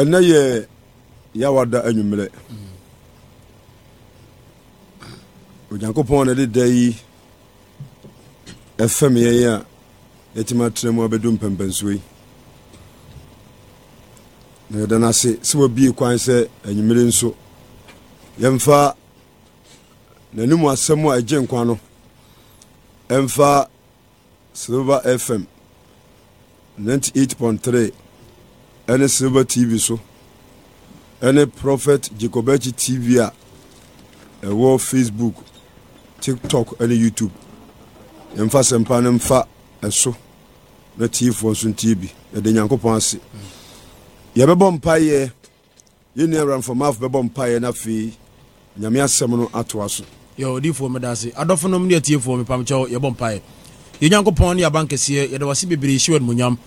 ɛnɛ yɛ yawada anwummerɛ onyankopɔn na de da yi ɛfɛm yɛn a yɛtumi atrɛ mu abɛdu mpɛmpɛnsuo yi na yɛda no ase sɛ wabie kwan sɛ anwummerɛ nso yɛmfa n'anim asɛm a ɛgye nkwa no ɛmfa silver fm 98.3 ɛne silver tv so ɛne prophet jacobechi tv a ɛwɔ facebook tiktok ɛne youtube yɛmfa sɛmpa no mfa ɛso na tiefoɔ nso ntie bi yɛde nyankopɔn ase yɛbɛbɔ mpayɛ yɛni awramfamaafo bɛbɔ mpayɛ no afei nyame asɛm no atoa so yɛodifoɔ meda ase adɔfo nom ne atiefoɔ mepamkyɛw yɛbɔ mpaeɛ yɛnyankopɔn ne yɛabankɛseɛ yɛde wase bebree hyiwa nomonyam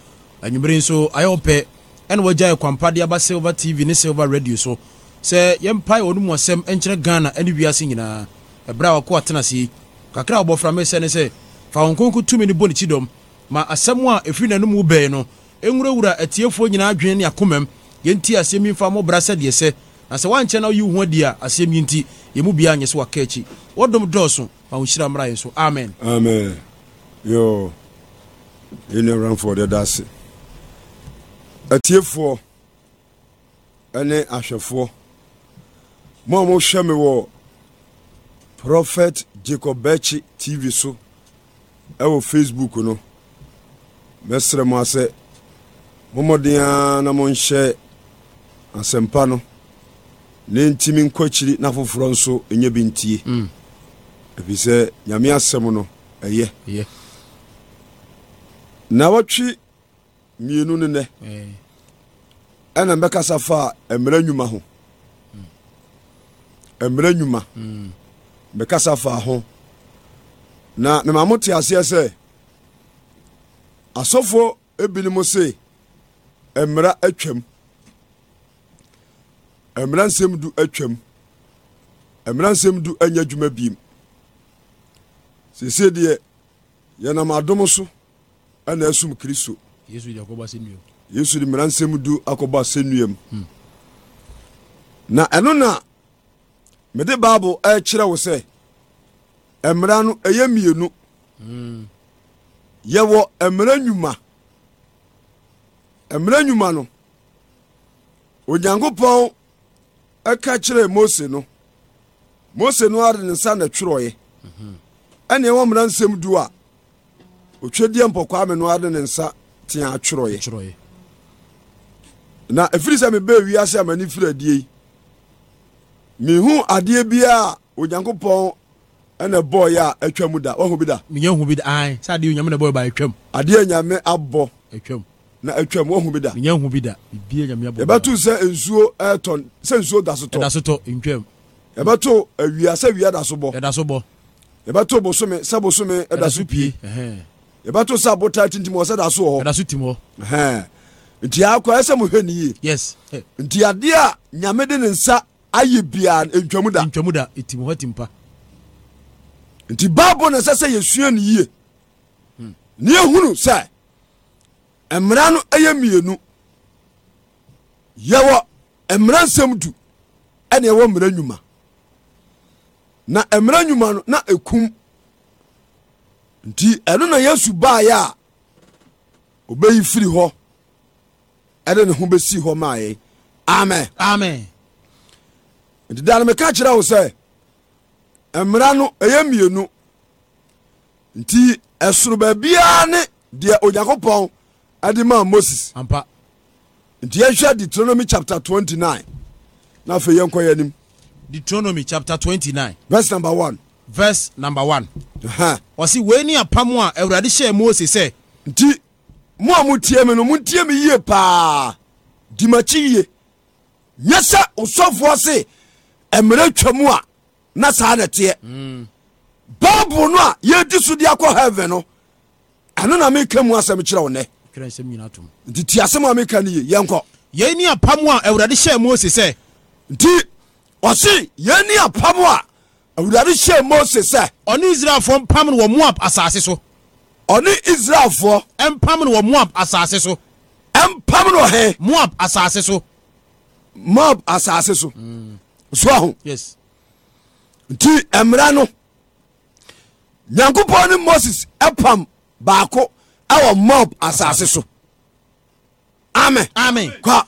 anwummere nso ayɛ wo pɛ ɛna wɔagya ɛkwanpa de aba silver tv ne silver radio so sɛ yɛmpae wɔn mu asɛm nkyerɛ ghana ne wiase nyinaa ɛberɛ a wɔkɔ atena se kakra a wɔbɔfra me sɛ ne sɛ fa wɔn konko tumi ne bɔ ne kyi dɔm ma asɛm a ɛfiri n'anom bɛn no ɛnwurawura atiefoɔ nyinaa adwene ne akomam yɛnti asɛm yi mfa mmɔbra sɛdeɛ sɛ na sɛ woankyɛ na woyi wo ho adi a asɛm yi nti yɛ mu biaa nyɛ sɛ waka akyi wɔdom dɔɔso ma wo hyira mmara yɛ so amen amen yo ɛne awuramfoɔ dɛda ase atiefoɔ ne ahwɛfoɔ mo a mohwɛ me wɔ prophet jacob bechi tv so ɛwɔ facebook no mɛsrɛ mo asɛ mommɔden ara na monhyɛ asɛmpa no ne ntimi nkɔ akyiri na foforɔ nso ɛnyɛ bi ntie mm. ɛfiri sɛ nyame asɛm no ɛyɛ na wɔtwe mmienu ne nɛ eh. ɛna mbɛkasa fa mmerɛ nnwuma ho mmerɛ nnwuma mbɛkasa hmm. fa ho na mema mo te aseɛ sɛ asɔfoɔ ebinom se mmara atwam mmara nsɛm du atwam mmara nsɛm du anya adwuma biem seesei deɛ yɛnam adom so ɛna asum kristo yesu de akɔbɔ asɛnnua mu yesu de mmaransɛm du akɔbɔ asɛnnua mu na ɛno na mede bible ɛrekyerɛ wo sɛ mmara no ɛyɛ mmienu yɛwɔ mmara nnwuma mmara nnwuma no onyankopɔn ɛka kyerɛɛ mose no mose no ade ne nsa na twerɛeɛ ɛne ɛwɔ mmara nsɛm du a otwadeɛ mpɔkwa me no ade ne nsa tea atwerɛeɛ na ɛfiri sɛ mebɛɛ wiase a m'ani firi adie yi mehu adeɛ biaa onyankopɔn ɛna bɔɔyɛ a atwa mu da wahu bi da menya hu bi da ae sɛ adeɛ onyame na bɔɔ ba atwam adeɛ nyame abɔ atwam na atwam wahu bi da menya hu bi da bibia nyame abɔ yɛbɛto sɛ nsuo ɛtɔ sɛ nsuo da so tɔ da so tɔ ntwam yɛbɛto awia eh, sɛ awia da so bɔ ɛda so bɔ yɛbɛto bosome sɛ bosome ɛda so yɛbɛto sɛ abotae to ntim wɔ sɛ da so wɔ hɔ ɛda so tim hɔ nti akɔ ɛsɛ mohwɛ no yie yes nti adeɛ a nyame de ne nsa ayɛ biaa ntwamu da ntwamu da ɛtim hɔ tim pa nti bible ne sɛ sɛ yɛsua no yie ne yɛhunu sɛ mmara no ɛyɛ mmienu yɛwɔ mmara nsɛm du ɛne ɛwɔ mmara nnwuma na mmara nnwuma no na ɛkum nti ɛno na yesu baeɛ a obɛyi firi hɔ ɛde ne ho bɛsi hɔ maayɛ amen amen nti da no meka kyerɛ wo sɛ mmara no ɛyɛ mmienu nti ɛsoro baabiara ne deɛ onyankopɔn ɛde maa moses ampa nti yɛhwɛ deuteronomy chapter 29 na afei yɛnkɔ yɛ anim deuteronomy chapter 29 verse number 1 verse number one. ɔsi wei ni apam a awurade hyɛ mose sɛ. nti mo a mo tie mi no mo tie mi yie paa dimakyi yie nyɛ sɛ osɔfoɔ se mmerɛ twa mu a na saa na teɛ mm. bible no a yɛdi so de akɔ heaven no ɛno na meka mu asɛm kyerɛ wo nɛ nti ti asɛm a meka no yie yɛnkɔ yɛi ni apam a awurade hyɛɛ mose sɛ nti ɔse yɛi ni apam a awurade hyɛ mose sɛ ɔne israelfoɔ mpam no wɔ moab asase so ɔne israelfoɔ mpam no wɔ moab asase so mpam no he moab asase so moab asase so so aho nti mmara no nyankopɔn ne moses pam baako ɛwɔ moab asase so amen amen kwa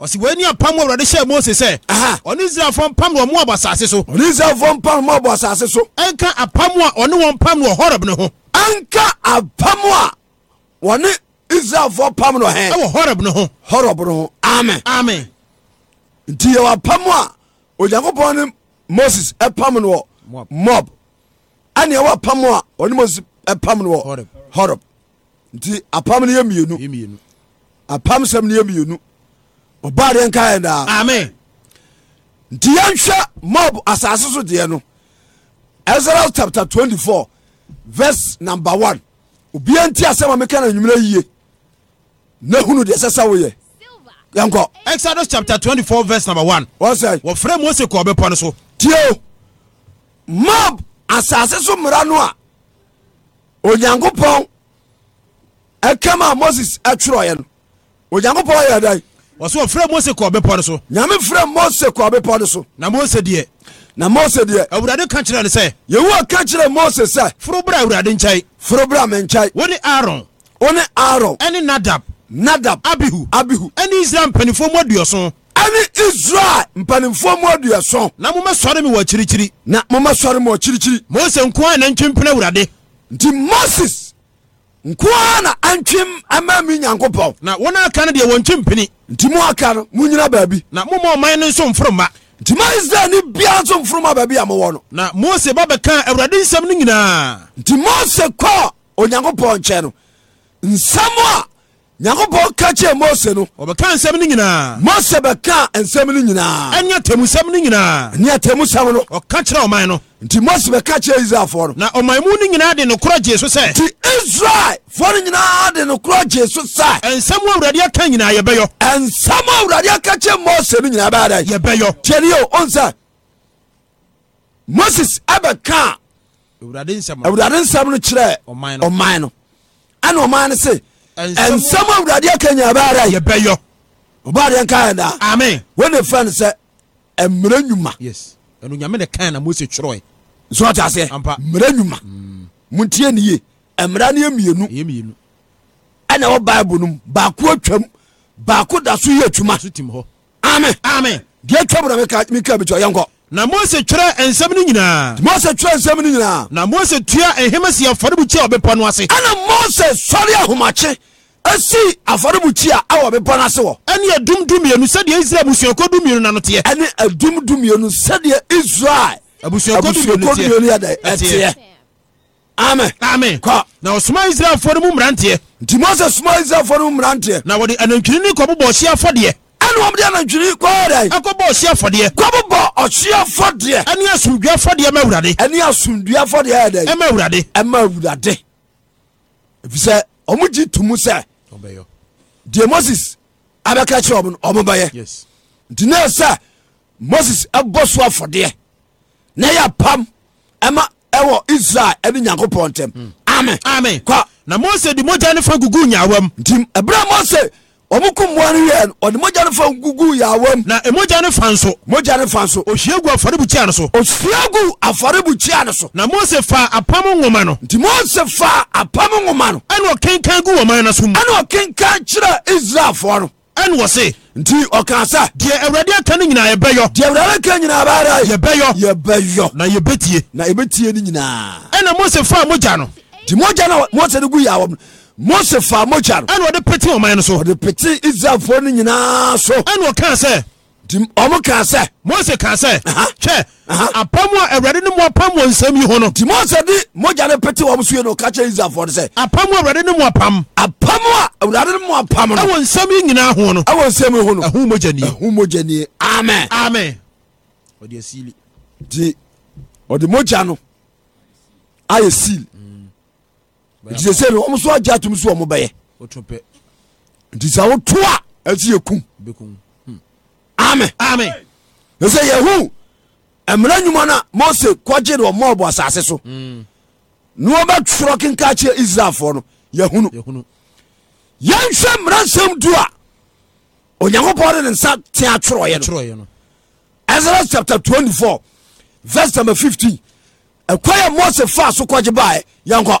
ɔsi wɔn ani apam awurade hyɛ mose sɛ ɔne israelfoɔ mpam wɔn mo abɔ asase so ɔne israelfoɔ mpam mo abɔ asase so ɛnka apam a ɔne wɔn pam wɔ hɔrɔb ne ho ɛnka apam a wɔne israelfoɔ pam no hɛ ɛwɔ hɔrɔb ne ho hɔrɔb ne ho amen amen nti yɛwɔ apam a onyankopɔn ne moses ɛpam wɔ mob ɛne ɛwɔ apam a ɔne moses ɛpam no wɔ hɔrɔb nti apam no yɛ mmienu apam sɛm no yɛ mmienu ɔbadeɛ nkaɛ daa nti yɛnhwɛ mob asase so deɛ no Ezra chapter 24 verse number 1 obia nti asɛm a meka na nwumera yie na hunu deɛ ɛsɛ sɛ woyɛ yɛnkɔ exodus chapter 24 verse number one. 1 ɔsɛ wɔfrɛ mose kɔ ɔbɛpɔ no so tio mob asase so mmara no a onyankopɔn ɛkama moses ɛtwerɛeɛ no onyankopɔn yɛ dɛn wɔso ɔfrɛ mose kɔ bepɔ no so nyame frɛ mose kɔ bepɔ no so na mose deɛ na mose deɛ awurade ka ni no sɛ yehowa ka kyerɛ mose sɛ foro bra awurade nkyɛe foro bra me nkyɛe wo aaron wo ne aaron ɛne nadab nadab abihu abihu ɛne israel mpanimfoɔ mu aduɔso ɛne israel mpanimfoɔ mu aduɔso na momɛsɔre me wɔ akyirikyiri na momɛsɔre me wɔ akyirikyiri mose nko a nantwimpene awurade nti moses nkoa na antwem ama mi nyankopɔn na wɔn aka no deɛ wɔntwe mpini nti mo aka no monyina baabi na moma ɔman no nso mforoma nti ma israel ne biara nso mforoma baabi a mowɔ no na mose ba bɛka awurade nsɛm no nyinaa nti mose kɔɔ onyankopɔn nkyɛn no nsɛm a nyankopɔn ka kyerɛ mose no ɔbɛka nsɛm no nyinaa mose bɛka nsɛm no nyinaa ɛne atamu sɛm no nyinaa ɛne atamu no ɔka kyerɛ ɔman no nti mose bɛka kyerɛ israelfoɔ no na ɔman mu no nyinaa de nokorɔ gye so sɛ nti israelfoɔ no nyinaa de nokorɔ gye so sɛ ɛnsɛm a awurade aka nyinaa yɛbɛyɔ ɛnsɛm a awurade aka kyerɛ mose no nyinaa bɛyɛ dɛn yɛbɛyɔ tiɛne yɛ ɔn sɛ moses ɛbɛka awurade nsɛm no kyerɛ ɔman no ɛna ɔman no se ɛnsɛm a awurade aka nyinaa bɛyɛ dɛn yɛbɛyɔ ɔbaadeɛ nka yɛ daa amen wɔne fɛ no sɛ mmerɛ nnwuma yes ɛnu nyame de kan na mose twerɛ. nsọ ti ase mmerɛ nyuma mu ntie ye mmerɛ ni ye mienu ɛna ɛwɔ baibu nu baako atwam baako da so yɛ adwuma amen amen deɛ atwa mu na mi ka mi ka na mose twerɛ nsɛm no nyinaa mose twerɛ nsɛm no nyinaa na mose tua ehemesi afɔrebukyia ɔbɛpɔ no ase ɛna mose sɔre ahomakye asi afɔremukyia awɔ bepɔ no wɔ ɛne adum dumienu sɛdeɛ israel abusuako dumienu na no teɛ ɛne dumienu sɛdeɛ israel abusuako dumienu yɛdɛ amen amen kɔ na ɔsoma israelfoɔ no mmeranteɛ nti mose soma israelfoɔ no mu mmeranteɛ na wɔde afɔdeɛ afɔdeɛ afɔdeɛ deɛ moses abɛka kyerɛ ɔmo no ɔmo bɛyɛ moses ɛbɔ so afɔdeɛ na yɛ pam ɛma ɛwɔ israel ɛne nyankopɔn ntɛm hmm. amen na mose de mogya ne fa gugu nyaawam nti ɛberɛ mose ɔmo ko mmoa no yɛ ɔde mogya no fa gugu yɛawam na mogya no fa nso mogya no fa nso ohyia gu afɔrebukyia no so ohyia gu afɔrebukyia so na mose fa apam nwoma no nti mose fa apam nwoma no ɛne ɔkenkan gu wɔman no so mu ɛne ɔkenkan kyerɛ israelfoɔ no ɛne se nti ɔkaa sɛ deɛ awurade aka no nyinaa yɛbɛyɔ deɛ awurade aka nyinaa baara yɛbɛyɔ yɛbɛyɔ na yɛbɛtie na yɛbɛtie no nyinaa ɛna mose fa mogya no nti mogya no mose no gu yɛawam no mose faa mogya no ɛna ɔde pete ɔman no so ɔde pete israelfoɔ no nyinaa so ɛna ɔkaa sɛ nti ɔmo kaa sɛ mose kaa sɛ hwɛ apam a awurade ne mu apam wɔ nsɛm yi ho no nti mose de mogya no pete wɔm so yɛ no ɔka kyerɛ israelfoɔ no sɛ apam a awurade ne mu apam apam a awurade ne mu apam no ɛwɔ nsɛm yi nyinaa ho no ɛwɔ nsɛm yi ho no ɛho mogya nie ɛho mogya nie amen amen ɔde asili nti ɔde mogya no ayɛ seal nti sɛ no ɔmo so agya atom so ɔmo bɛyɛ nti sɛ woto a ɛsi yɛ kum hmm. ame na sɛ yɛhu mmara nnwuma no a mose kɔgye de ɔmɔɔbɔ asase so hmm. na wɔbɛtwerɛ kenka kyerɛ israelfoɔ no yɛhunu yɛnhwɛ mmara nsɛm du a onyankopɔn de ne nsa te atwerɛyɛ no exodus chapter 24 verse number 15 ɛkwa yɛ mose faa so kɔgye baɛ yɛnkɔ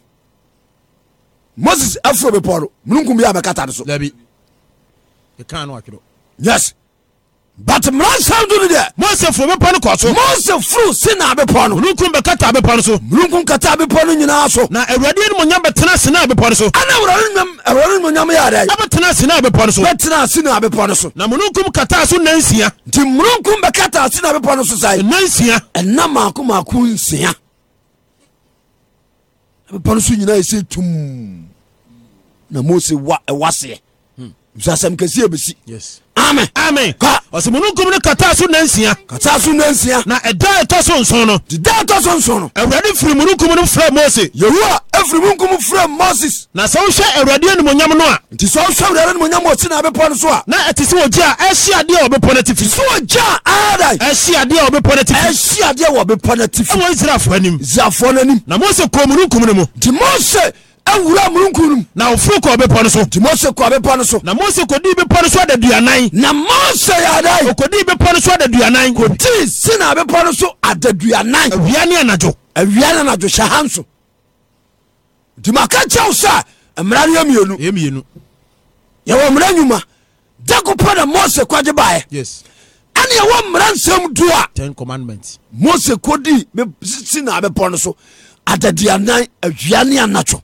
moses afuro bepɔ no mununkum bi a bɛkata no so dabi ɛka e no atwerɛ yes but mmara nsɛm do no deɛ mose foro bepɔ no kɔ so mose foro sina bepɔ no mununkum bɛkata bepɔ no so mununkum kata bepɔ no nyinaa so na awurade animonyam bɛtena sina bepɔ no so ana awurade nyam awurade animonyam yɛ adɛ ɛbɛtena sina bepɔ no so bɛtena sina bepɔ no so na mununkum kata so nansia nti mununkum bɛkata sina bepɔ no so sae nansia ɛna maako maako nsia bepɔ no so nyinaa ɛsɛ tum na mose wa ɛwɔ eh, aseɛ bisasɛm hmm. kɛseɛ bɛsi amen amen ka ɔsɛmunu nkom no kata so nansia kata so nansia na ɛda ɛtɔ so nson no nti da ɛtɔ so nson no awurade firi mu no nkum no frɛ mose yehowa afiri mu moses na sɛ wohwɛ awurade animonyam no nti sɛ wohwɛ awurade animonyam ɔsi na bepɔ no so a na ɛte sɛ ɔgya a ɛhye adeɛ a ɔbepɔ no atifi sɛ ɔgya ada ɛhye adeɛ a ɔbepɔ no atifi ɛhye adeɛ a ɔbepɔ no atifi ɛwɔ israelfoɔ anim israelfoɔ anim na mose kɔɔ mu no nkum mose awura mununkum na ɔforo kɔ bepɔ no so kɔ bepɔ no na mose kodi bepɔ no so adaduanan na mose yada, adan ɔkɔdii bepɔ no so adaduanan kɔdii sina bepɔ no so adaduanan awia ne anadwo awia ne anadwo hyɛ ha nso nti maka kyɛw sɛ mmara no yɛ mmienu yɛwɔ mmara nnwuma dako pa na mose kwagye baeɛ ɛne ɛwɔ mmara nsɛm du a mose kɔdii sina bepɔ no so adaduanan awia ne anadwo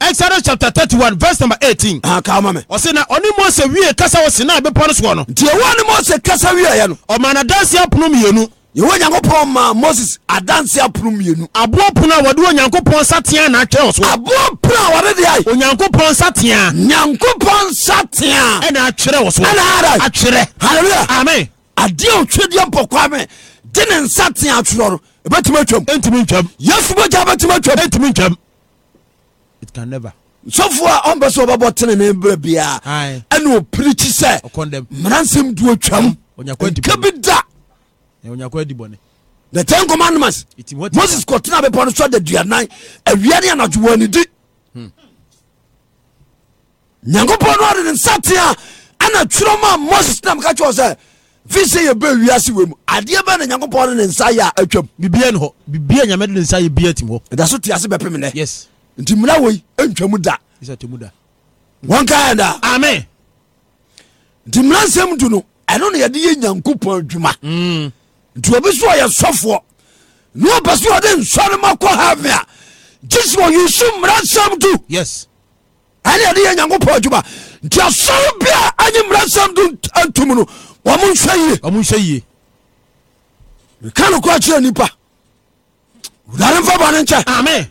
exodus chapter thirty one verse number eighteen. ah kaa ma mi. ɔsè na ɔni mose wiye kasa wɔ sinna bepɔ no soɔ no. diẹ wọn ni mose kasa wiye yɛ no. ɔmɔ na dansi apono mienu. nyanko nyankopɔn ma moses adanse apono mmienu aboɔ pono a wɔde onyankopɔn nsatea naakyerɛ wɔ so aboɔ pono a wɔde de ai onyankopɔn nsatea nyankopɔn nsatea ɛna akyerɛ wɔ so ɛna ara akyerɛ halleluya amen adeɛ otwedeɛ mpɔkwa me de ne nsatea atwerɛ no ɛbɛtumi atwam ɛntumi ntwam yesu bɛgya bɛtumi atwam ɛntumi ntwam it can never sɔfo a ɔmpɛ sɛ wɔbɛbɔ tenene berɛ biaa ɛne ɔpirikyi sɛ mmaransɛm duo twam ka bi da eh, the ten commandments moses kɔtena bepɔ no sɔ duanan awia ne anadwo wɔ anidi hmm. nyankopɔn no ɔde ne nsatea ana twerɛ ma moses nam ka kyɛw sɛ fi sɛ yɛbɛ wiase wɔ mu adeɛ bɛ na nyankopɔn no ne nsa yɛ a atwam bibia ne hɔ bibia nyame de ne nsa yɛ bia tim hɔ ɛda so te ase yes nti mmara wei ntwamu da wɔnkaa daa amen nti mmara nsɛm du no ɛno na yɛde yɛ nyankopɔn adwuma mm. nti obi so ɔyɛ sɔfoɔ ne ɔpɛ so ɔde nsɔre ma kɔ have a gye sɛ ɔyesu mmara nsɛm du ɛne yɛde yɛ nyankopɔn adwuma nti asɔre bia anye mmara nsɛm du antum no wɔmo nhwɛ yie meka no kora kyerɛ nnipa wurare mfa bɔne nkyɛ amen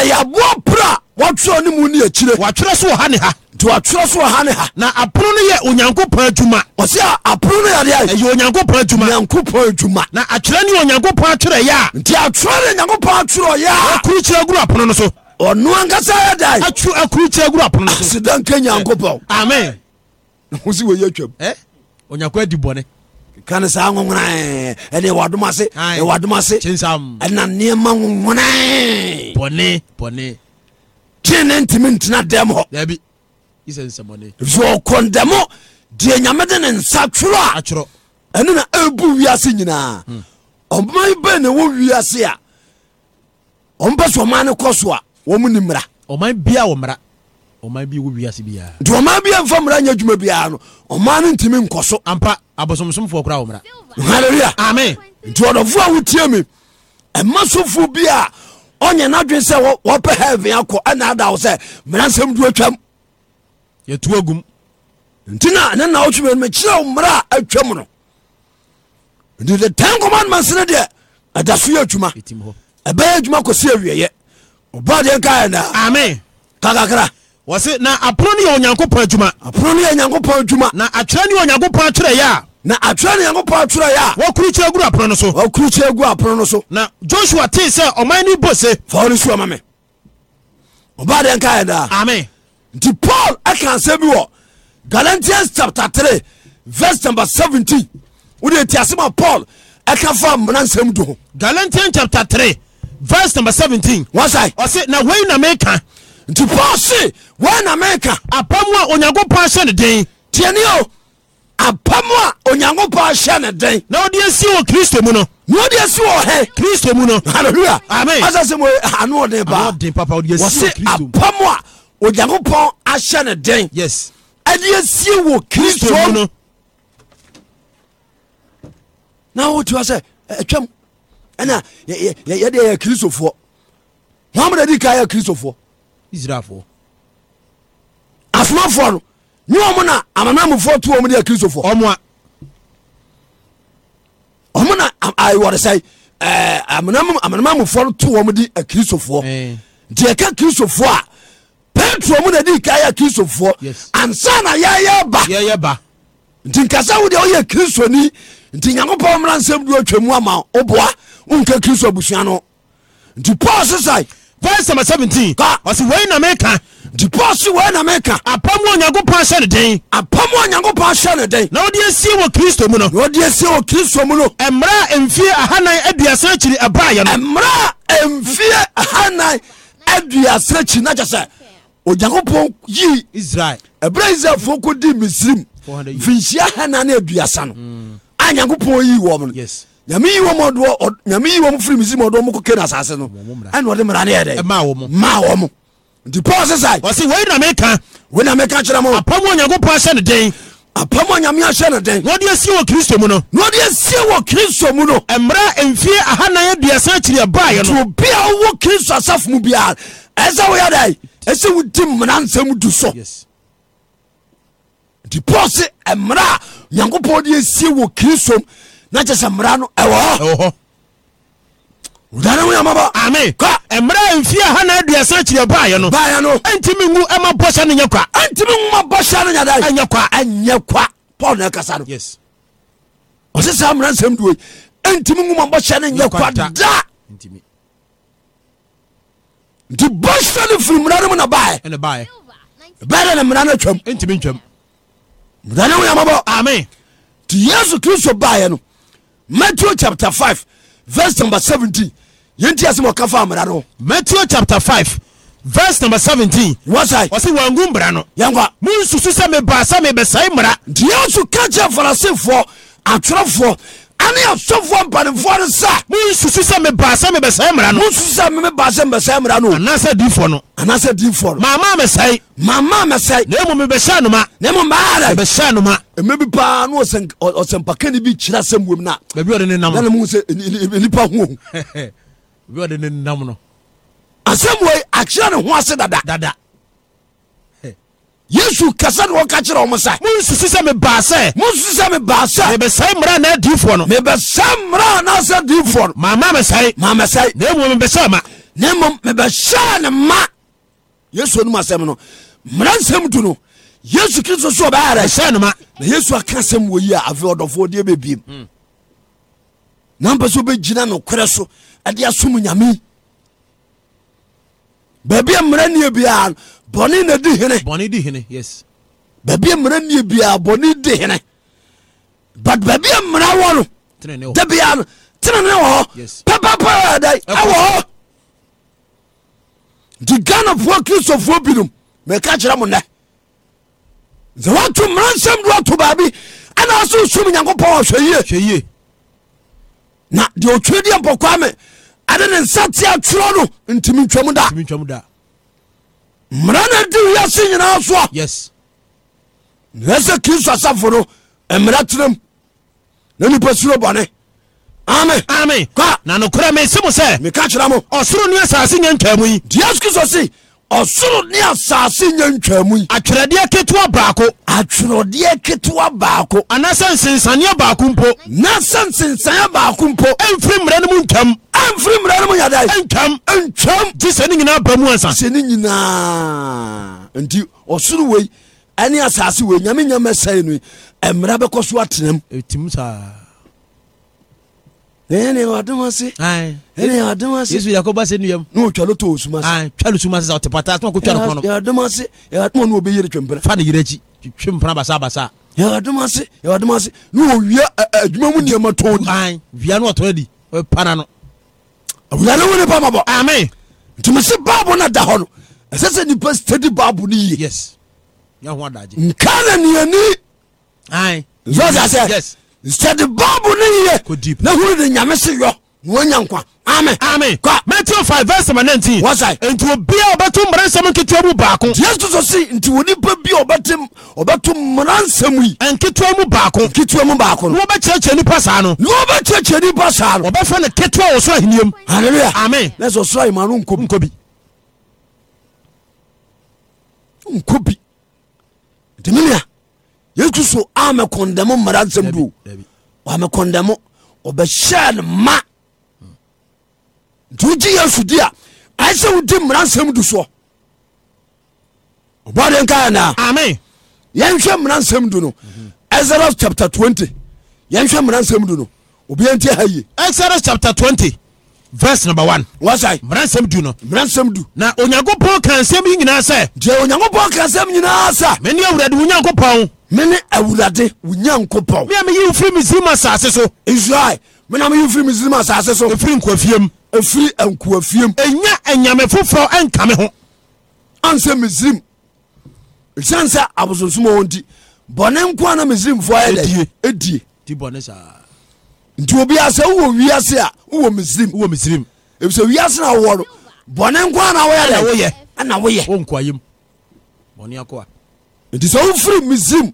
ɛyɛ aboa pra wɔtwerɛ ne mu ne akyire wɔatwerɛ so wɔ ne ha nti wɔatwerɛ so wɔ ne ha na apono no yɛ onyankopɔn adwuma ɔsɛ a apono no yɛdeɛ ɛyɛ onyankopɔn adwuma nyankopɔn adwuma na atwerɛ ne onyankopɔn atwerɛyɛ a nti atwerɛ ne nyankopɔn atwerɛyɛ a akuru kyerɛ guru apono no so ɔno ankasa yɛ da atu akuru kyerɛ guru apono no so sedanka nyankopɔn amen ho sɛ wɔyɛ atwam eh? onyankopɔn adi bɔne kane saa nwowena ɛne ɛwɔ adom ase ɛwɔ adom ase ɛna nneɛma nwowena bɔne bɔne tiene ntimi ntena dɛm hɔ ɛfisɛ ɔkɔndɛmo deɛ nyame de ne nsa twerɔ a ɛne na ɛbu wiase nyinaa hmm. ɔma bɛ na ɛwɔ wiase a ɔmpɛ sɛ ɔma no kɔ so a wɔmu ni mmara ɔman biya wɔ mmara ɔman bi wɔ wiase biara nti ɔman bia mfa mmara nyɛ adwuma biara no ɔma no ntimi nkɔ so ampa abosomsomfoɔ kora wɔmmra halleluya amen nti ɔdɔfoɔ a wotie me ɛma sofo bi a ɔnyɛ n'adwene sɛ wɔpɛ heaven akɔ ɛna ada wo sɛ mmaransɛm du atwam yɛtua gum nti na ne na wotwe me mekyerɛ wo mmara a atwam no nti the ten commandments no deɛ ɛda so yɛ adwuma ɛbɛyɛ adwuma kɔsi awieyɛ ɔba deɛ nka ɛnaa amen kakakra wɔse na apono no yɛ onyankopɔn adwuma apono no yɛ onyankopɔn adwuma na akyerɛ ne yɛ onyankopɔn akyerɛyɛ a na atwerɛ ne nyankopɔn atwerɛeɛ a wɔkurukyia gu apono no so wɔkurukyia gu apono no so na joshua tee sɛ ɔman no bɔ se fa wo no suama me ɔba deɛ nkaɛ daa nti paul aka asɛm bi wɔ galatians chapter three, verse number seventeen. wode ɛti asɛm a paul ɛka fa mmara nsɛm do ho galatians chapter three, verse number seventeen. 17 wasae ɔse na wei na meka nti paul se wei na meka apam a onyankopɔn ahyɛ ne den tiɛne o apam a onyankopɔn ahyɛ ne den na wode asi wɔ kristo mu no na wode asi wɔ he kristo mu no halleluya amen asa sɛ ah, anoɔden Anoɔden papa, wode asi wɔ wɔse Kristo mu. apam a onyankopɔn ahyɛ ne den yes ɛde asie wɔ kristo mu no na wotua sɛ ɛ- eh, ɛtwam eh, ɛna yɛ- yɛ- yɛ- yɛde yɛ kristofoɔ mohamad adi ka yɛ kristofoɔ israelfoɔ asomafoɔ no ne ɔmo na amanamfoɔ tu ɔmo de akristofoɔ ɔmo a ɔmo na ayɔre sɛ amanamfoɔ no tu ɔmo de akristofoɔ nti ɛka akristofoɔ a petro mu na di ka yɛ akristofoɔ ansa na yɛyɛ ba nti nkasa wo deɛ woyɛ kristoni nti nyankopɔn mmara nsɛm du atwa mu ama woboa wonka kristo abusua no nti paul sesae verse number seventeen 17 ɔsɛ wei na meka nti paul se wei na meka apam a onyankopɔn ahyɛ no den apam a onyankopɔn ahyɛ no den na wode asie wɔ kristo mu no na wɔde asie wɔ kristo mu no mmerɛ a mfie ahanan aduasa akyiri ɛbaeɛ no mmerɛ a mfie ahanan aduasa akyiri na kyɛ sɛ onyankopɔn yi israel ɛberɛ israelfoɔ kɔdi misrim mfinhyia hana ne aduasa no a nyankopɔn yi wɔ m no nyame yi wɔ m firi misrim ɔdɔ mo kɔkɛ no asase no ɛne ɔde mmara ne yɛdɛ ma wɔ m nti paul sesai wɔsi wei na meka wei na meka kyerɛ mo apam onyankopɔn ahyɛ ne den apam onyame ahyɛ ne den na ɔde asie wɔ kristo mu no na ɔde asie wɔ kristo mu no mmerɛ mfie ahanan aduasa akyiri ɛbaeɛ no nti obi a wowɔ kristo asafo mu biara ɛsɛ woyɛ dɛn ɛsɛ wodi mmara nsɛm du so nti paul si mmerɛ a nyankopɔn de asie wɔ kristo mu na kyɛ sɛ mmara no ɛwɔ hɔ wudane ho yamabɔ ame kɔ mmerɛ mfie ha aduasa kyerɛ baayɛ no baayɛ no ɛntimi ngu ɛma bɔhyɛ no nyɛ kwa ɛntimi ngu ma bɔhyɛ no nyada ɛnyɛ e kwa ɛnyɛ e kwa paul na ɛkasa no yes ɔse saa mmara nsɛm duo ɛntimi ngu ma bɔhyɛ no nyɛ kwa da nti bɔhyɛ no firi mmara no mu na baɛ e ɛbɛɛ dɛ ne mmara no atwam ɛntimi ntwam wudane ho yamabɔ ame nti yesu kristo baayɛ no matthew chapter 5 verse number 17 yɛnti asɛm ɔka fa mmara no matthew chapter 5 verse number 17 wasae ɔse wangu mmara no yɛnkwa monsusu sɛ mebaa sɛ mebɛsɛe mmara nti yɛnso ka kyerɛ farisifoɔ atwerɛfoɔ ane asɔfoɔ mpanimfoɔ no sa monsusu sɛ mebaa sɛ mebɛsɛe mmara no monsusu sɛ memebaa sɛ mebɛsɛe mmara no anaasɛ difoɔ no anaasɛ difoɔ no mama mɛsɛe mama mɛsɛe na mmom mebɛhyɛ noma na mmom maada mebɛhyɛ noma ɛma bi paa na ɔsɛmpakani bi kyerɛ sɛm wom no a baabi ɔde ne nam na ne mu sɛ nipa ho obi ɔde ne nam no asɛm wei akyerɛ ne ho ase dada dada yesu kasa ne wɔka kyerɛ ɔmo sa monsusu sɛ mebaa sɛ monsusu sɛ mebaa sɛ mebɛsɛe mmara na adiifoɔ no mebɛsɛ mmara na sɛ adiifoɔ no mama mesɛe mamɛsɛe na mmom mebɛsɛ ma na mmom mebɛhyɛɛ ne ma yesu anom asɛm no mmara nsɛm du no yesu kristo so ɔbɛyɛrɛ hyɛ no ma na yesu aka asɛm wɔ yi a afei ɔdɔfoɔ deɛ bɛbiem hmm. na mpɛ sɛ wobɛgyina nokorɛ so ɛde asom nyame baabi mmara nnie biaa bɔne na di hene baabi mmara nnie biaa bɔne di hene but baabi mmara wɔ no da bia no tenene wɔ hɔ pɛpɛpɛda ɛwɔ hɔ nti ghanafoɔ kristofoɔ binom meka kyerɛ mo nnɛ sɛ woato mmara nsɛm do ato baabi ana so som nyankopɔn ɔhwɛ yie na deɛ ɔtwe deɛ mpɔkwa me ɛde ne nsatea twerɛ no ntimi ntwamu da mmara no di wiase nyinaa so a ɛsɛ kristo asafo no mmara tenam na nipa suro bɔne ame ame na nokorɛ mese mo sɛ meka kyerɛ mo ɔsoro ne asase nya ntwamu yi nti kristo se ɔsoro ne asase nya ntwamu yi atwerɛdeɛ ketewa baako atwerɛdeɛ ketewa baako anaasɛ nsensaneɛ baako mpo na sɛ nsensaneɛ baako mpo ɛmfiri mmerɛ no mu ntwam ɛmfiri mmara no mu yada ntwam ntwam nti sɛ ne nyinaa ba mu ansa sɛ ne nyinaa nti ɔsoro wei ɛne asase wei nyame nyama sɛe no mmara bɛkɔ so atenam ɛtim saa ɛne ɔdem pata no kɔnɔ ɛɔdem ase ɛɔdem ɔno ɔbɛyere twempena fa ne yere adwuma mu nneɛma tɔn di wia no ɔtɔn di pana no awurade wo ne ba mabɔ ame nti mese bible no da hɔ no ɛsɛ sɛ nipa stadi bible no yie yes nka na niani nsɛ sɛ sɛ stadi bible no yie na huru de nyame si yɔ wɔnya nkwa amen amen kɔ matthew 5 verse 19 wɔsae nti obiaa ɔbɛto mmara nsɛm nketewa mu baako yesu so se nti onipa bi a ɔbɛte ɔbɛto mmara nsɛm yi nketewa mu baako nketewa mu baako no wɔbɛkyerɛkyerɛ nipa saa no na wɔbɛkyerɛkyerɛ nipa saa no wɔbɛfa no ketewa wɔ soro ahenniam haleluya amen na sɛ ɔsoro ayima no nkɔ nkɔ bi nkɔ bi nti menea yesu so amɛkɔndɛmo mmara nsɛm duo wamɛkɔndɛmo ɔbɛhyɛɛ no ma nti wogye yesu di a ayɛ sɛ wodi mmara nsɛm du soɔ ɔbɔde nka anaa ame yɛnhwɛ mmara nsɛm du no exodus chapter 20 yɛnhwɛ mmara nsɛm du no obiaa nti ha ye exodus chapter 20 verse number one. wasaɛ. mmara nsɛm du no. mmara nsɛm du. na onyankopɔn ka nsɛm yi nyinaa sɛ. diɛ onyankopɔn ka nsɛm nyinaa sɛ. mɛ ni awurade wo nyankopɔn. mɛ ni awurade wo nyankopɔn. mi a mi yi nfiri misiri ma saase so. israel mi na mi yi nfiri misiri ma saase so. efiri nkwa fiem ɛfiri ankuafiem ɛnya anyame foforɔ ɛnka me ho ansɛ misrim ɛsiane sɛ abosonsom ɔ nti bɔne nko a na misrimfoɔ yɛ dɛ ɛdie nti obia sɛ wowɔ wiase a wowɔ misrim wowɔ misrim ɛfisɛ wiase na wowɔ no bɔne nko a na woyɛ dɛ woyɛ ɛna woyɛ wɔnkwayam bɔne akoa nti sɛ wofiri misrim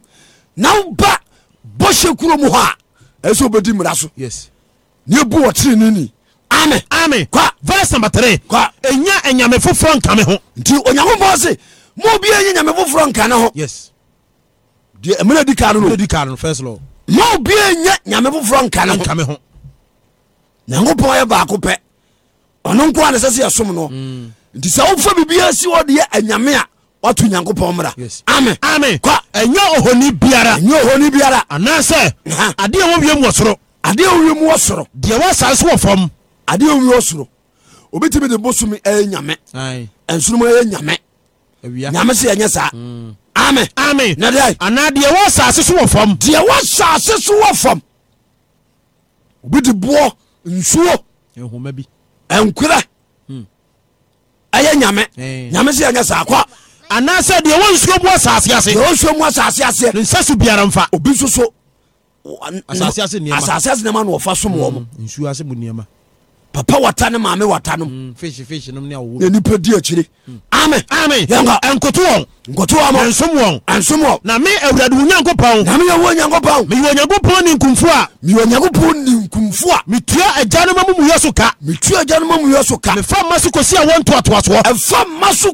na woba bɔhyɛ kuro mu hɔ a ɛsɛ wobɛdi mmara so ne ɛbu wɔ tereneni ame ame kwa verse number three kwa enya enyame foforɔ nka me ho nti onyankopɔn se mo obia nye nyame foforɔ nka ho yes Di mmerɛ di kaa no di kaa first law mo obia nye nyame foforɔ nka ne ho nka me ho nyankopɔn yɛ baako pɛ ɔno nko a ne sɛ sɛ yɛsom no mm. nti sɛ wofa biribiaa si wɔ de yɛ anyame a wato nyankopɔn Yes. ame ame kwa enya ohoni biara Enya ohoni biara anaasɛ adeɛ wɔ wie wɔ soro adeɛ wɔ wie wɔ soro deɛ wɔ asase wɔ fam adeɛ owi ɔsoro obɛtumi de bosom ɛyɛ eh, nyame nsonom ɛyɛ eh, nyame nyame sɛ yɛnyɛ saa mm. ame ame na deɛ anaa deɛ wɔ asase so wɔ fam deɛ wɔ asase so wɔ fam obi de boɔ nsuo nhoma bi nkorɛ hmm. ɛyɛ nyame nyame sɛ yɛnyɛ saa kɔ anaasɛ deɛ wɔ nsuo mu asase ase deɛ wɔ nsuo mu asase aseɛ ne nsa so biara mfa obi nso so asase ase nneɛma na wɔfa som wɔ mu hmm. nsuo ase mu nneɛma papa wata ne maame wata mm, nom na nipa di akyire ami ami yanga ɛnkoto wɔn nkoto wɔn ɛnsom wɔn ɛnsom na mi awurade wo na mi yɛ wo mi yɛ nyankopɔn ni a mi yɛ nyankopɔn ni nkunfu a mi tua agyanoma mu mi tua agyanoma mu muyɛ so mi fa ma so kosi awɔ ntoatoa soɔ ɛfa ma so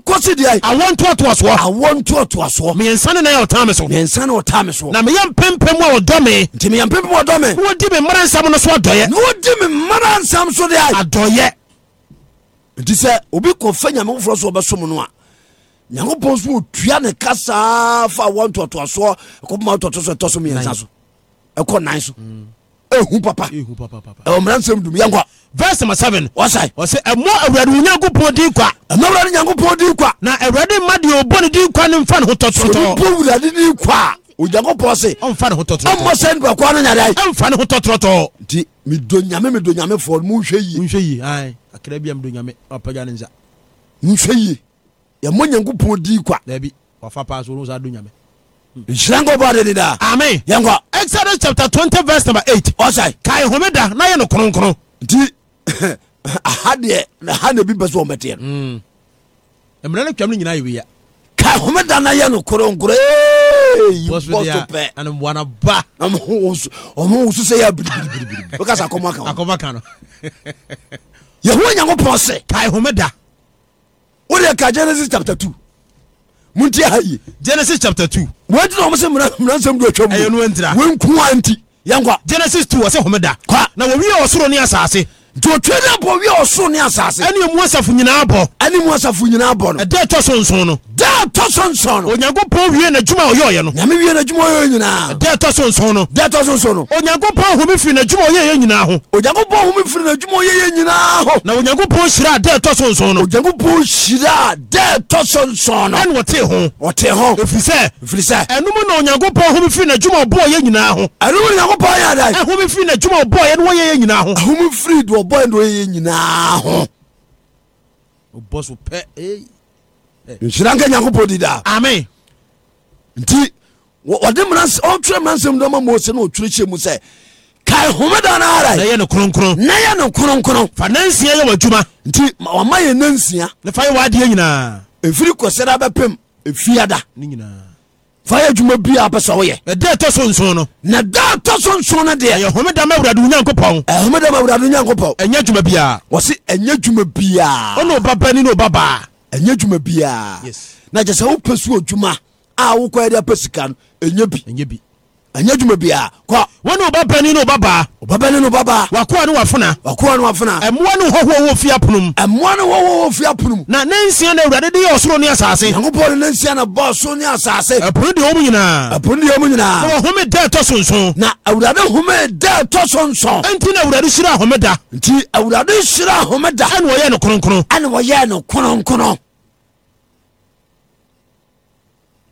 na yɛ mi so miɛnsa ne mi so na mi yɛ mpempem ɔdɔ mi nti mi yɛ mpempem a ɔdɔ mi na wodi mi mmara nsam no so adɔyɛ mi mmara nsam so deɛ adɔyɛ nti sɛ obi kɔfa nyame foforɔ so wɔbɛsom no a nyankopɔn so wɔtua ne ka saa fa wɔ ntoatoasoɔ ɛkɔpoma wotɔto so ɛtɔ so mmiɛnsa so ɛkɔ nan so ɛhu mm. papa ɛwɔ mmara nsɛm dum yɛnkɔ verse number seven ɔsae ɔsɛ ɛmɔ awurade wo nyankopɔn din kwa ɛmɔ awurade nyankopɔn din kwa na awurade mma deɛ ɔbɔ ne din kwa ne mfa ne ho tɔtɔtɔ sɛ wobɔ awurade din kwa a onyankopɔn se ɔmfa ne ho tɔtrɔtɔmmɔ sɛ nduakoa no nyadae ɛmfa ne ho tɔtrɔtɔ nti medo nyame medo nyame foɔ monhwɛ yie nhwɛ yie ai akra bia medo nyame ɔpagya ne nsa nhwɛ yie yɛmmɔ nyankopɔn dii kwa daabi wafa paa so wosa do nyame hmm. nhyira nkɔ bɔ ade dedaa amen yɛnkɔ exodus chapter 20 verse number 8 ɔsɛ kae homeda na yɛ no kronkron nti aha deɛ aha na bi bɛ sɛ ɔmɛteɛ no mmerɛ no twam no nyinaa yɛwia kae homeda na yɛ no kronkron you boss to pɛ ɛna mwana ba ɔmo wosu sɛ yɛ biribiribiri o ka sa akɔmɔ kan akɔmɔ kan no yehowa nyankopɔn se kae home da wode ka genesis chapter two? 2 monti ha ye genesis chapter 2 wanti na ɔmo sɛ mmaransɛm de atwa mu ɛyɛ no antira wɔnku a nti yɛnkɔ genesis 2 wɔ sɛ home da na wɔwie ɔsoro ne asase nti otwa ne abɔ wie ɔsoro ne asase ɛne mu asafo nyinaa bɔ ɛne mu asafo nyinaa bɔ no ɛda ɛtɔ so nson no da ɛtɔ so nson no onyankopɔn wie n'adwuma a ɔyɛɔyɛ no nyame wie n'adwuma ɔyɛ nyinaa da ɛtɔ so nson no da ɛtɔ so nson no onyankopɔn home firi n'adwuma ɔyɛyɛ nyinaa ho onyankopɔn home firi n'adwuma ɔyɛyɛ nyinaa ho na onyankopɔn hyiraa da ɛtɔ so nson no onyankopɔn hyiraa da ɛtɔ so nson no ɛne ɔte ho ɔte ho ɛfiri sɛ ɛfiri sɛ ɛnom na onyankopɔn home firi n'adwuma ɔbɔɔyɛ nyinaa ho ɛnom onyankopɔn yɛ ada ɛhome firi n'adwuma ɔbɔɔyɛ no wɔyɛyɛ nyinaa ho ɛhome firi ɔbɔ ɛna ɔyɛ nyinaa ho ɔbɔ so pɛ eh, eh. nhyira nka nyankopɔn di daa amen nti ɔde ɔtwerɛ mmaransɛm dɔma mose na ɔtwerɛ hyɛ mu sɛ kae homeda no ara na yɛ no kronkron na yɛ no kronkron fa nansia yɛ w'adwuma nti ɔma yɛ nansia na fa yɛ w'adeɛ nyinaa ɛfiri kɔsɛda bɛpem ɛfiada ne nyinaa fa yɛ adwuma bia a sɛ woyɛ ɛda ɛtɔ so nson no na da tɔ so nson no deɛ ɛyɛ homeda ma awurade onyankopɔn ɛhomeda eh, ma awurade onyankopɔn ɛnyɛ adwuma biaa wɔse ɛnyɛ adwuma biaa ɔne ɔbabani ne ɔbabaa ɛnyɛ adwuma biaa na kyɛ sɛ wopɛ so adwuma a wokɔɛ de apɛ sika no ɛnyɛ bi ɛnyɛ dwuma bia kɔ wɔne woba bani ne wobabaa ɔbɛbɛne no babaa wakoa ne wafena wakoa ne wafena ɛmmoa ne hɔhoɔ wɔ fie aponom ɛmmoa ne hɔhoɔ wɔ fie aponom na nansia no awurade de yɛ ɔsoro ne asase nyankopɔn ne nansia no bɔ ɔsoro ne asase ɛpono deɛ ɔ nyinaa ɛpono deɛ ɔ nyinaa na wɔhome da ɛtɔ so nson na awurade home da ɛtɔ so ɛnti na awurade hyira homeda nti awurade hyira homeda ɛne wɔyɛɛ no kronkron ɛne wɔyɛɛ no kronkron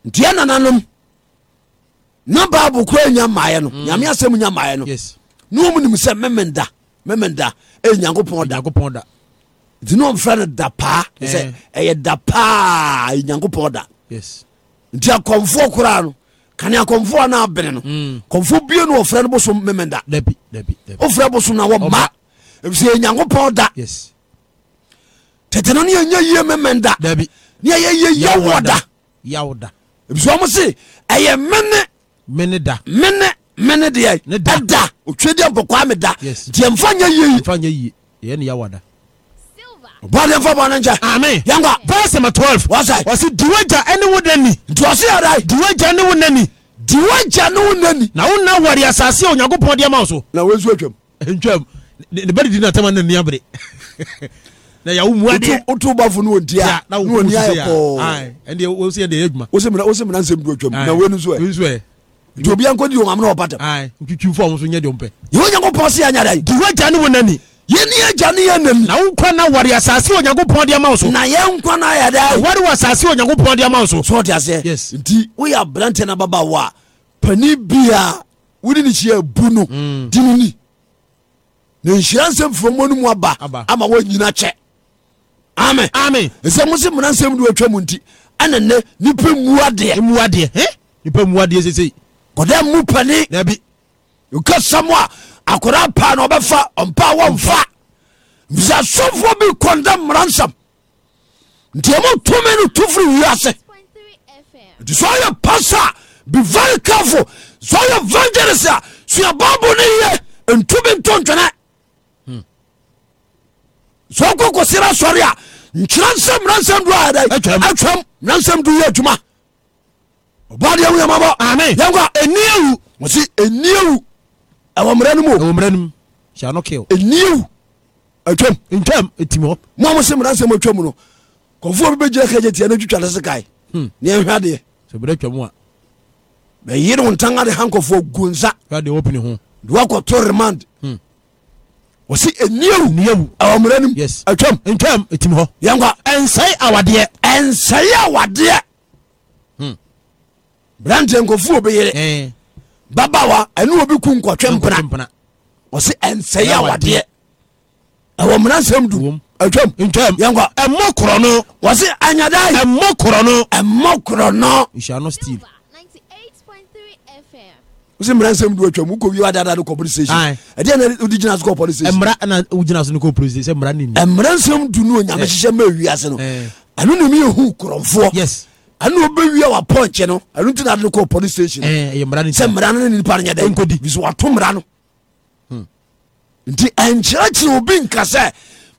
nti ɛnananom na bible kora nya maɛ no mm. nyame asɛm nya maɛ no ne wɔm nim sɛ memenda memenda ɛyɛ nyankopɔn da nti ne ɔmfrɛ no da paa sɛ eh. ɛyɛ da paa ɛyɛ nyankopɔn da nti akɔmfoɔ koraa no kane akɔmfoɔ no abene no mm. kɔmfoɔ bie no wɔfrɛ no bosom memenda wofrɛ bosom na wɔma ɛfisɛ ɛyɛ nyankopɔn da tete no ne yɛnya yie memenda ne yɛyɛ yɛ yawo da ɛfisɛ ɔmo se ɛyɛ mene mene da mene mene deɛ ɛda otwe deɛ mpɔkwa me da deɛ mfa nyɛ yie bɔde mfa bɔne nkyɛ ame yɛnkwa verse ma 12 wɔsɛ wɔse diwagya ne wo nani nti ɔse yɛdae diwagya ne wo nani diwagya ni wo nani na wonna ware asase a onyankopɔn de ama wo so na wɔsu atwam ntwam ne bɛdedi no atama no nniabere na yàwó mu adiẹ. o tún bá fún ní òdi a diya. òdi a yẹ kọ́. ẹ ẹ ndé wosí ẹ ndé yẹ juma. wosí mi na nsé mi dùn ọjọ́ mi na wo ni nsú ẹ. nti obi ankɔdi wɔn amuna ɔpata. tutu fɔ ɔmu so nyɛ deɛ ɔmpɛ. yìí wọ́n yankun pɔn sí anyada yìí. diwọ ja ni wo nani. yìí ni yẹ ja ni yẹ nani. na nkwa na wari asase onyanko pɔn di ama o so. na yẹ nkwa na yada. wari wa asase onyanko pɔn di ama o so. sɔɔ ti a seɛ. yes nti o y'a abiranteɛ na baba wa pani bia wuli ni seɛ bunu mm. dinini na nsira nsɛm furomɔ ni mu aba ama wɔ nyina kyɛ amen. amen. nsɛm sɛ muna nsɛm de wɔatwa mu nti ɛna nɛ nipa muwadeɛ. Eh? muwadeɛ nipa muwadeɛ sese. odemu pani kasama akodapan bfa pawofa mfis asofo be kondem meransam ntimotom no tfro iasent soy paska veles sa babneye ntbinto tee sokokosire sre nkera semrsms ɔbɔde ahu yamabɔ ami yankwa eniyewu wosi eniyewu ɛwɔ mmerɛ no mu ɛwɔ mmerɛ no mu siano kiw eniyewu atwam ntwam etim hɔ mo a mo se mmerɛ nsɛm atwam no kɔfoɔ bi bɛgyina kagye tia no twitwa ne se kae ne ɛhwɛ adeɛ sɛ bɛrɛ twam a bɛyere wo mu yes atwam ntwam etim hɔ yankwa ɛnsɛe awadeɛ ɛnsɛe berante nkofu obeyere eh. babawa ɛne obi ku nkɔtwe mpena ɔse ɛnsɛyɛ awadeɛ ɛwɔ mmena nsɛm du atwam yɛnkɔ ɛmmɔ korɔ no wɔse anyadae ɛmmɔ korɔ no ɛmmɔ korɔ no nhyano steve wosi mmira nsɛm du atwam wokɔ wie wadada no kɔ police station ɛdeɛ na wode gyina so kɔ police station mmara na wogyina so no kɔ police station mmara ne ni nsɛm du no onyame eh. hyehyɛ ma awiase no eh. ɛno ne meyɛhu korɔmfoɔ yes ɛne obɛwie wapɔnkye no ɛno nti nade kɔ police station eh, eh, sɛ mmara no ne nipa no nyɛ dɛ biso wato mmara no hmm. nti ɛnkyerɛkyerɛ obi nka sɛ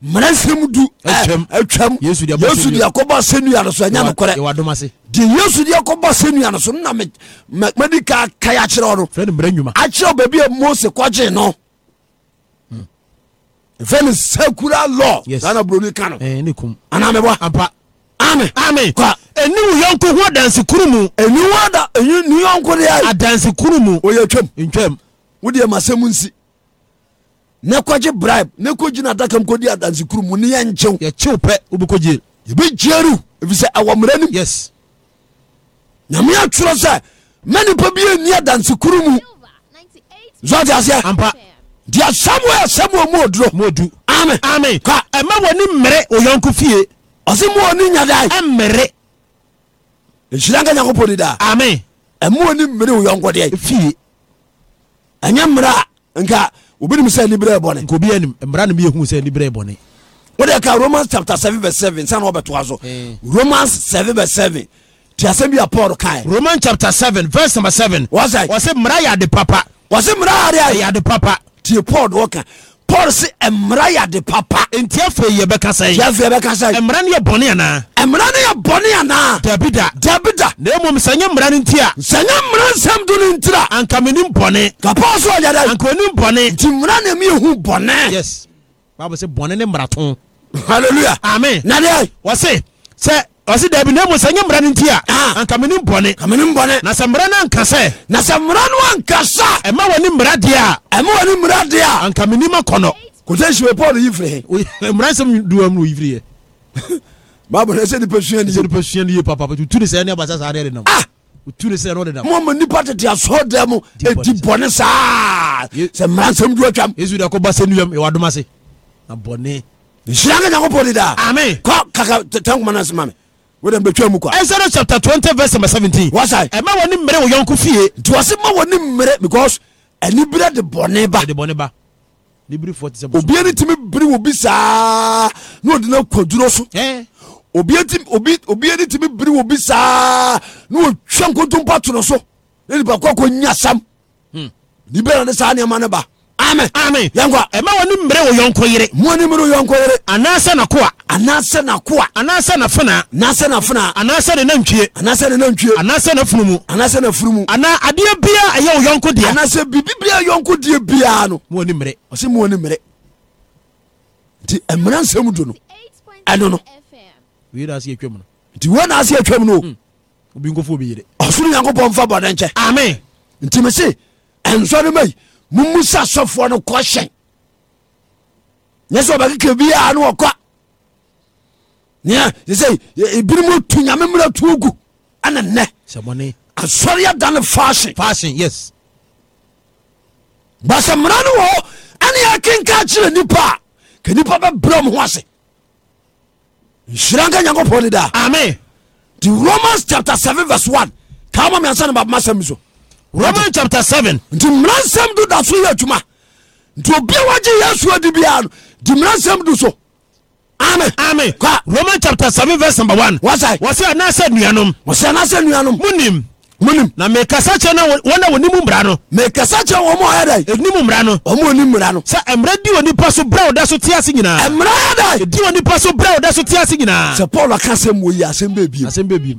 mmara nsɛm du eh, atwam yesu deɛ kɔbɔ sɛ nua no so ɛnya nokorɛ deɛ yesu deɛ kɔbɔ sɛ nua no so na madi ka kae akyerɛ no akyerɛ baabi a mose kɔgye no ɛfɛ hmm. no sakura law saa na buroni ka no anaa mɛbɔ ami ami kwa ɛni wo yɔnko ho kuru mu. ɛni wo ada ɛni ni yɔnko de y'a ye. adansikuru mu. o ye twɛm. ntwɛm. o de ye ma se mu nsi. ne kɔji bribe ne ko jina adaka mu ko di adansikuru mu ni yɛ nkyɛw. yɛ kyew pɛ o bɛ ko jie. yɛ bɛ jieru efisɛ awɔ mɛrɛ nim. yes. nyamuya twerɛ sɛ mɛ nipa bi yɛ ni adansikuru mu. zɔn ti a seɛ. anpa. diɛ samuel samuel m'o duro. m'o du. ami ami ka ɛmɛ wɔ ni mɛrɛ o yɔnko fie ɔse moa ni nyadae ɛmmere nhyira nka nyankopɔn ni daa ame ɛmoa ni mmere wo yɔnko deɛ fie ɛnyɛ mmerɛ a nka obinim sɛ niberɛ bɔne nka obi anim mmara no miyɛhu sɛ niberɛ bɔne wode ka romans chapter 7 verse 7 sane wɔbɛtoa so romans 7 verse 7 ti asɛm bi a paul kae roman chapter 7 verse number 7 wɔsɛ wɔse mmara yɛ ade papa wɔse mmara yɛ ade papa tie paul de wɔka paul sɛ mmara yɛ ade papa nti afei yɛbɛka sɛ yɛafei yɛbɛka sɛ mmara no yɛ bɔne anaa mmara no yɛ bɔne anaa dabi da dabi da na mmom sɛ nyɛ mmara no nti a sɛ nyɛ mmara nsɛm do no ntira anka menim bɔne ka paul so ɔyɛ dɛ anka ɔnim bɔne nti mmara na miyɛhu bɔne yes bible sɛ bɔne ne mmarato Hallelujah. amen na deɛ wɔ se sɛ ɔsi dabi ne mu sɛ nye mmerɛ ni ti a ah. anka mi bɔnɛ anka bɔnɛ na sɛ mmerɛ na nka sɛ na kasa. mmerɛ no anka sa ɛma wɔ ni mmerɛ di a ɛma wɔ ni mmerɛ di a anka mi ni ma kɔnɔ kò tẹ siwe paul yi firi hɛ mmerɛ nsɛm duwa mu yi firi yɛ baabu ɛsɛ nipa suya ni ye ɛsɛ nipa suya ni ye papa tu ni sɛ ɛni abasa sa de nam ah! tu ni sɛ ɛni ɔde nam mo mo nipa tete asɔ dɛ mu edi bɔnɛ saa sɛ mmerɛ nsɛm duwa twam yesu de akɔba se se kaka tɛn kuma wọ́n bɛ twɛ mu kwa. Exodus chapter twenty verse number seventeen. wasa ye. ẹ ma wọ ni mẹrẹ wọ yọnko fiye. tiwasi ma wọ ni mẹrẹ because ɛnibirɛ de bɔnɛ ba. de bɔnɛ ba nibiri fɔ ti sɛ. obiɛ ni timi biri wo bi saa n'o di na kɔduro so. obiɛ ni timi biri wo bi saa n'o twɛ nkontompa tunu so ne hmm. ni ba kɔ ko nyasam. n'i bɛ na ne saa nɛɛma ne amen amen yankwa ɛma wɔ ne mmerɛ wɔ yɔnko yere mo ne mmerɛ yɔnko yere anaasɛ nakoa anaasɛ nakoa anaasɛ nafena anaasɛ nafena anaasɛ ne nantwie anaasɛ ne nantwie anaasɛ nafunumu anaasɛ nafunumu anaa adeɛ biara ɛyɛ wo yɔnko deɛ anaasɛ biribi biara yɔnko deɛ biara no mo ne mmerɛ ɔsɛ mo ne mmerɛ nti mmerɛ nsɛm do no ɛno no wei na ase atwam no nti wei na ase atwam hmm. no obi nkɔfo obi yere ɔsoro nyankopɔn mfa bɔne nkyɛ amen nti mese ɛnsɔre mai usfkoseyesokekka sebinem e, tu yame mira togu anene asoreyada s base mira n aneyakenka chire nipa kenipa be bramose siraeyako poromas roman chapter seven. nti mmara nsɛm do da so yɛ adwuma nti obia wagye yɛsu adi biaa no di mmara nsɛm do so amen amen kɔ roman chapter seven, verse number 1 wasae wɔsɛ anasɛ nnuanom wɔsɛ anasɛ nnuanom monim monim na mekasa kyɛ no wɔn a wɔnim mmara no mekasa kyɛ wɔn a ɔyɛ dɛ ɛnim mmara no wɔn a ɔnim mmara no sɛ mmara di wɔ nipa so brɛ ɔda so te ase nyinaa mmara yɛ dɛ ɛdi wɔ nipa so brɛ ɔda so te ase nyinaa sɛ paul aka asɛm wɔ yi asɛm bɛɛ biem asɛm bɛɛ biem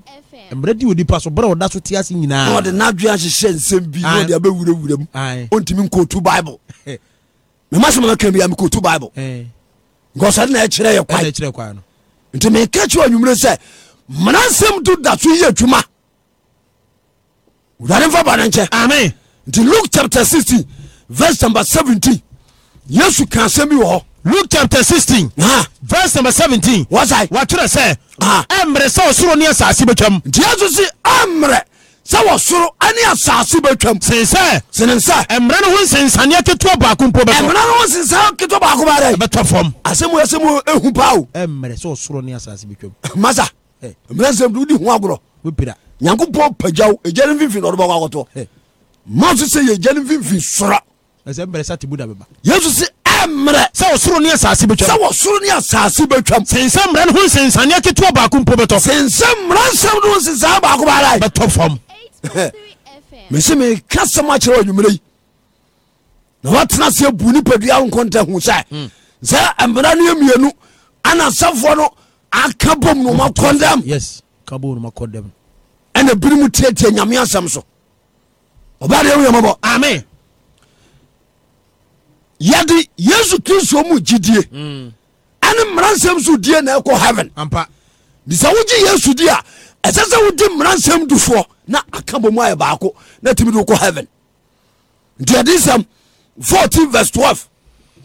mmerɛ di onipa so bere ɔda so te ase nyinaa na ɔde n'adwe ahyehyɛ nsɛm bi na ɔde abɛwurawura mu ɔntumi nkɔtu bible mema sɛ maka bia mekɔtu bible nkɔsɔde na ɛkyerɛ yɛ kwae nti meka kyerɛ anwumere sɛ mmara nsɛm do da so yɛ adwuma wurade mfa ba no nkyɛ amen nti luke chapter 16 verse number 17 yesu ka asɛm bi wɔ hɔ luke chapter sixteen verse number seventeen wasaɛ watwerɛ sɛ ɛmmerɛ sɛ ɔsoro ne asase bɛtwam nti yesu se ɛmmerɛ sɛ wɔsoro ane asase bɛtwam sen sɛ sene nsa ɛmmerɛ no ho nsensaneɛ ketewa baako mpo bɛtɔ ɛmmerɛ no ho nsensaneɛ ketewa baako bɛdɛ ɛbɛtɔ fam asɛm asɛm ɛhu paa o ɛmmerɛ sɛ ɔsoro ne asase bɛtwam masa mmerɛ nsɛm wodi ho agorɔ wopira nyankopɔn pagyaw ɛgya no mfimfini na ɔde bɛkɔ akɔtɔ ma so sɛ yɛgya no mfimfini sora ɛsɛ mmerɛ sa te mu da bɛba yesu se srsase amese mekasamker aterasbun passa ma n mnu nsan kabonakodem n binom ti yam sem so a yɛde yesu kristo mu gyidie mm. ɛne mmaransɛm so die na ɛkɔ heaven nti sɛ wogye yesu di a ɛsɛ sɛ wode mmaransɛm dufoɔ na aka bɔ mu ayɛ baako na tumi de wokɔ heaven nti ɛde sɛm 14 vs 12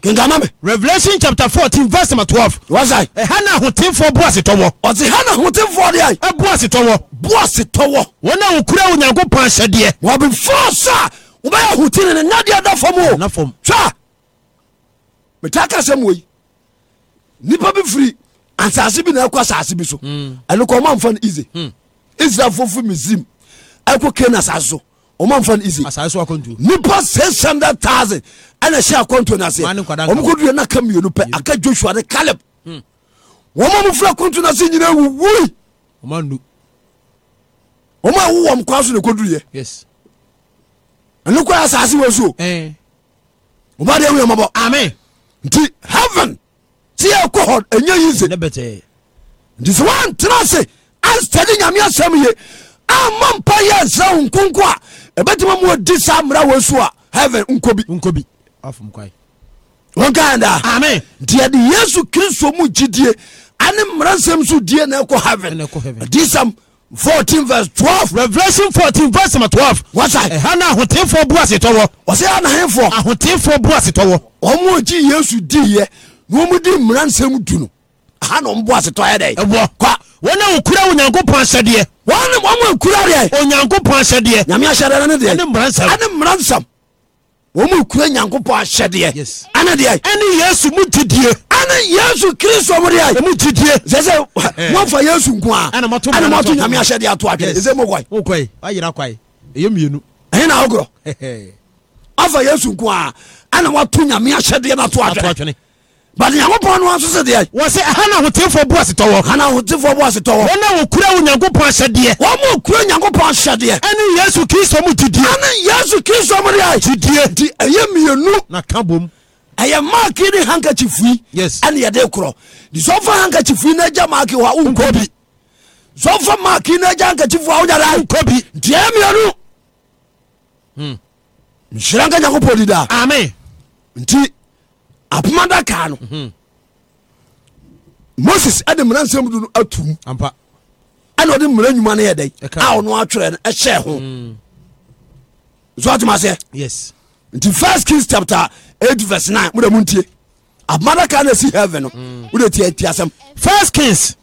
kenkama me revelation chapter 14 verse number 12 wasa ɛha na ahotemfoɔ bo asetɔwɔ ɔse ha na ahotemfoɔ deɛ ɛbo asetɔwɔ bo asetɔwɔ wɔn a wokura onyankopɔn ahyɛdeɛ wɔbefo sa wobɛyɛ ahotene ne nadeɛ da fam o hwɛ meta ka sɛ muwei nipa bi firi ansase bi na ɛkɔ asase bi so hmm. ɛno kɔ ɔma mfa no ise hmm. israelfoɔ fi misrim ɛkɔ kan asase so ɔma mfa no ise nipa 600 thousand, ɛna ɛhyɛ na no aseɛ ɔmokɔduɛ no aka mmienu pɛ hmm. aka joshua ne caleb wɔma mofiri akɔnto no ase nyina wuwui ɔma ɛwowɔ m kwa so na ɛkɔduruyɛ ɛno kɔ asase wɔ suo ɔma deɛ wuyɛ mɔbɔ amen nti heaven sɛ yɛkɔ e hɔ ɛnya yi se nti sɛ woantena ase anstɛde nyame asɛm ye ama mpa yɛ sɛ wo nkonko a ɛbɛtumi ma ɔdi saa mmara wɔ so a heaven nkɔ bi wɔnkadaa nti yɛde yesu kristo mu gyidie ane mmara nsɛm so die na ɛkɔ heaven adisɛm fourteen verse twelve. revelation fourteen verse number twelve. wasa. ɛha na ahotefoɔ bu asetɔ wɔ. ɔsɛ anahenfoɔ. ahotefoɔ bu asetɔ wɔ. wɔn a gyi di yɛ na wɔn di mmira nsɛm du no aha na wɔn bu asetɔ yɛ dɛ. ɛwɔ kwa. wɔn a okura onyankopɔn ahyɛdeɛ. wɔn a wɔn a okura deɛ. onyankopɔn ahyɛdeɛ. nyame ahyɛdeɛ ne deɛ. ɛne mmira nsɛm. ɛne mmira nsɛm. wɔn a okura nyankopɔn ahyɛdeɛ. yes. ɛne deɛ. ɛne yesu mu didie. ne yesu kristo mu deɛ sɛ sɛ eh. yesu nko a ɛne nyame ahyɛde ato na wogorɔ afa yesu nko a ɛne wɔto nyame ahyɛdeɛ no ato adwene but nyankopɔn no nso se deɛ wɔ sɛ hana hotefoɔ hana hotefoɔ a wɔkura wo nyankopɔn ahyɛdeɛ wɔn a nyankopɔn ahyɛdeɛ ɛne yesu kristo mu gyidie ɛne yesu kristo mu deɛ gyidie nti ɛyɛ mmienu na ka bom ɛyɛ maaki ne handkerchief yi ɛne yɛde korɔ sɔfa handkerchief yi n'agya maaki hɔ a wonkɔ bi sɔfa maaki n'agya handkerchief hɔ a wonyada wonkɔ bi deɛ mmienu hmm. nhyira nka nyankopɔn di daa amen nti apoma daka no mhm. moses ɛde mmara nsɛm do no atum ɛna ɔde mmara nnwuma no yɛ dɛn a ɔno atwerɛ no ɛhyɛ ho hmm. so atoma seɛ nti first kings chapter eight verse nine mo de mu n tie amadaka na si heaven no mo de tie tie asɛm. first kings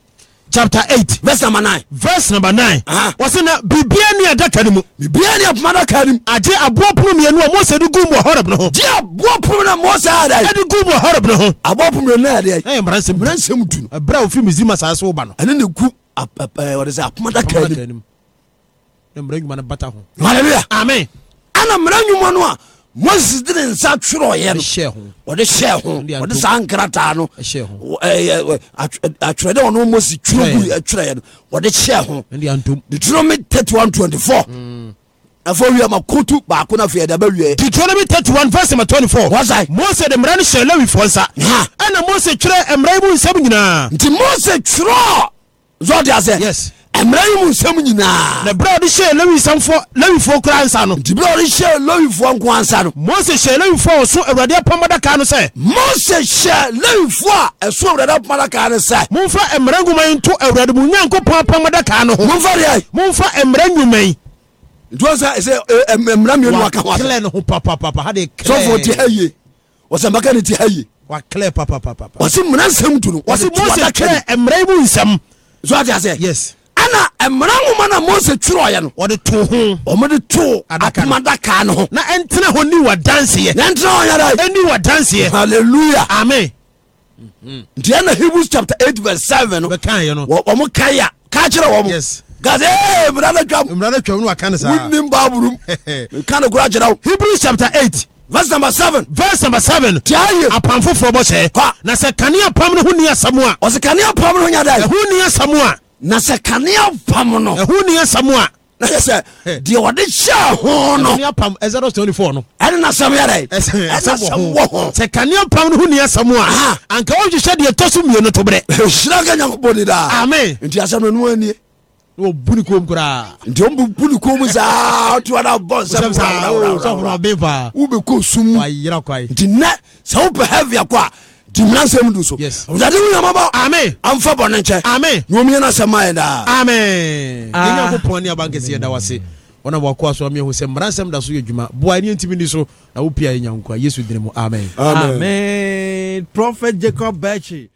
chapter eight verse number nine. verse number nine. wɔsi na bibiya ni adaka ni mu. bibiya ni amadaka ni mu. a je aboɔ pono mienu a mose de gun mu ɔhɔrɔb ne ho. je aboɔ pono na mose ada yi. ɛde gun mu ɔhɔrɔb ne ho. aboɔ pono mienu na yɛrɛ yɛ. ɛyɛ mmeranse mu mmeranse mu dunu. ɛbɛrɛ ofin misiri masaasi wo ba no. ɛne ne gu wɔde sɛ amadaka ni mu. ne mmerɛ ɲuman ne bata ho. hallelujah. amen. ɛna mmerɛ ɲuman no a moses de ne nsa twerɛɔyɛ no ɔde hyɛɛ ho ɔde saa nkrataa no atwerɛ dɛ ɔno mose twerɛ twerɛɛ no ɔde hyɛɛ ho deuteronomy 3124 afɔ mm. wie ma kotu baako no afei ɛde abɛwie deuteronomy 31 verse ma 24 wasae mose de mmara no hyɛ lewifoɔ nsa ɛna mose twerɛ mmara yi mu nsɛm nyinaa nti mose twerɛ sɛ ɔde asɛ yes mmerɛ yi mu nsɛm nyinaa na berɛ a ɔde hyɛɛ lewisamfoɔ lewifoɔ kora ansa no nti berɛ a ɔde hyɛɛ lewifoɔ nko ansa no mose hyɛɛ lewifoɔ a ɔso awurade apam adaka no sɛ mose hyɛɛ lewifoɔ a ɛso awurade apam adaka no sɛ momfa mmerɛ nwoma yi nto awurade mu nyankopɔn apam adaka no ho momfa deɛ momfa mmerɛ nwoma yi nti sɛ ɛsɛ mmerɛ mmienu waka ho asɛ no ho papapapa ha de sɔfoɔ te ha yie wɔsɛmbaka ne te ha yie waklɛ papapapa wɔse mmara nsɛm tu no mose kyerɛ mmerɛ yi mu nsɛm so ate asɛ yes ɛna mmara nwoma no mose twerɛɔyɛ no wɔde to ho ɔmode to atomadakaa no ho na ɛntena hɔ ni wɔ danseɛ ɛntena hɔ yɛda ɛni wɔ danseɛ halleluya amen mhm. nti ɛna hebrews chapter 8 verse 7 no ɔmo kae ka kyerɛ wɔ mo hebrews chapter 8 verse number seven. verse number seven. apam foforɔ bɔ na sɛ kanea pam ne ho ni asamu a. ɛho ni asamu a. na sɛ kanea pam no ɛho ni asɛm a na sɛ deɛ wɔde hyɛ ho no kanea pam exodus twenty no ɛne nasɛm yɛdɛ ho sɛ kanea pam no ho ni asɛm a anka wohwehyɛ deɛ tɔ so mmienu to berɛ hyira ka nyankopɔn ni daa amen nti asɛm no no anie kom koraa nti kom saa bɔ sɛ wopɛ havia timiasɛm du so awurade hu yamabɔ ame amfa bɔne nkyɛ ame na omiana sɛ maɛ daa ame ah. yɛnyankopɔn ne abankɛsɛ yɛda wase ɔna wakoa so ameɛhu sɛ mmara nsɛm da so yɛ adwuma boa ne ɛntimi ni so na wopiaɛ nyankoa yesu dine mu amen amen prophet jacob bachi